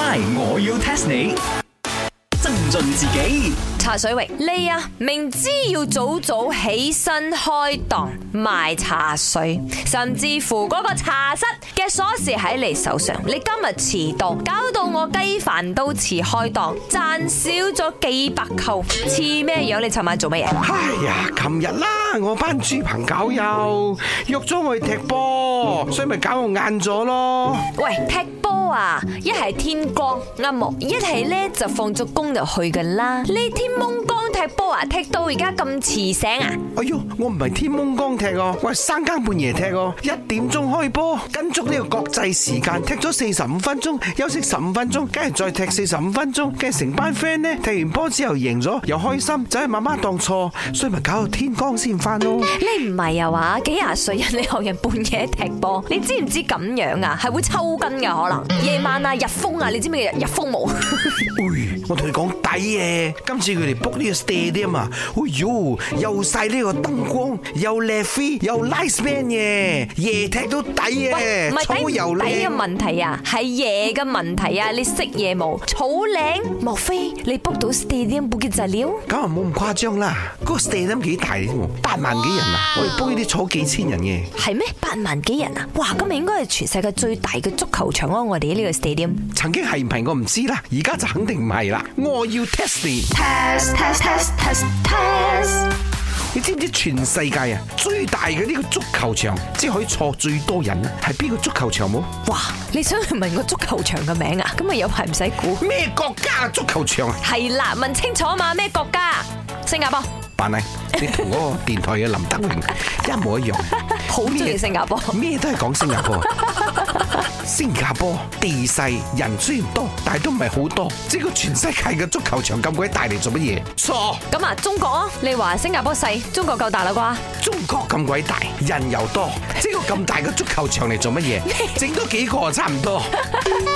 我要 test 你，增進自己。茶水圍啊，明知要早早起身開檔賣茶水，甚至乎嗰個茶室嘅鎖匙喺你手上。你今日遲到，搞到我雞飯都遲開檔，賺少咗幾百扣。似咩樣？你尋晚做咩嘢？哎呀，琴日啦，我班豬朋狗友約咗我去踢波，所以咪搞到晏咗咯。喂，踢波啊，一係天光啱，一係咧就放咗工入去噶啦。呢天。天蒙光踢波啊，踢到而家咁遲醒啊！哎喲，我唔係天蒙光踢哦，我係三更半夜踢哦，一點鐘開波，跟足呢個國際時間，踢咗四十五分鐘，休息十五分鐘，跟住再踢四十五分鐘，跟住成班 friend 呢，踢完波之後贏咗，又開心，就係媽媽當錯，所以咪搞到天光先翻。咯。你唔係又話幾廿歲人，你學人半夜踢？你知唔知咁樣啊？係會抽筋噶，可能夜晚啊，日風啊，你知唔知日風冇？我同你講抵啊，今次佢哋 book 呢個 stadium 嘛？哎喲，又細呢個燈光，又靚飛，又 nice man 嘅夜踢都抵嘅，草油呢？呢個問題啊，係夜嘅問題啊，你識夜冇？草靚莫非你 book 到 stadium？冇見材料，梗係冇咁誇張啦。嗰個 stadium 幾大添？八萬幾人啊！我哋 book 呢啲坐幾千人嘅，係咩？八萬幾人？哇！咁咪應該係全世界最大嘅足球場啊？我哋呢個 stadium 曾經係唔係我唔知啦，而家就肯定唔係啦。我要 test 你 test，test test test test test。你知唔知全世界啊最大嘅呢個足球場，只可以坐最多人啊，係邊個足球場冇？哇！你想去問個足球場嘅名啊？咁咪有排唔使估咩國家足球場啊？係啦，問清楚嘛，咩國家？新加坡。但係你同個電台嘅林德榮一模一樣，好中意新加坡，咩都係講新加坡，新加坡地小人雖然多。但都唔係好多，即個全世界嘅足球場咁鬼大嚟做乜嘢？錯咁啊，中國啊，你話新加坡細，中國夠大啦啩？中國咁鬼大，人又多，即個咁大嘅足球場嚟做乜嘢？整多幾個啊，差唔多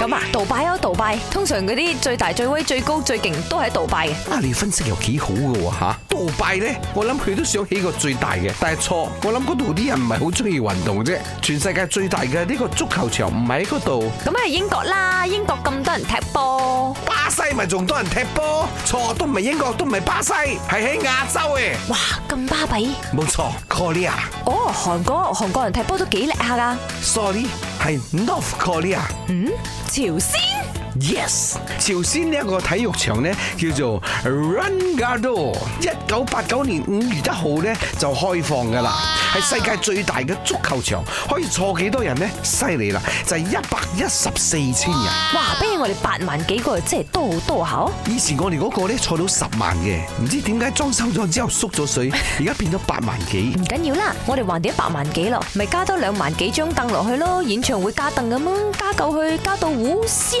咁啊。杜拜啊，杜拜，通常嗰啲最大、最威、最高、最勁都喺杜拜嘅。啊，你分析又幾好嘅吓？杜拜咧，我諗佢都想起個最大嘅，但係錯，我諗嗰度啲人唔係好中意運動啫。全世界最大嘅呢個足球場唔係喺嗰度，咁係英國啦，英國咁，人踢波，巴西咪仲多人踢波？錯，都唔係英國，都唔係巴西，係喺亞洲誒！哇，咁巴閉？冇錯，Korea。哦，韓國，韓國人踢波都幾叻下噶。Sorry，係 North Korea。嗯，朝鮮。Yes，朝鮮呢一個體育場咧叫做 Rungado 一九八九年五月一號咧就開放噶啦，係世界最大嘅足球場，可以坐幾多人咧？犀利啦，就係一百一十四千人。哇，比起我哋八萬幾個真係多好多口。以前我哋嗰個咧坐到十萬嘅，唔知點解裝修咗之後縮咗水，而家變咗八萬幾。唔緊要啦，我哋還掂八萬幾咯，咪加多兩萬幾張凳落去咯，演唱會加凳咁樣，加夠去加到無限。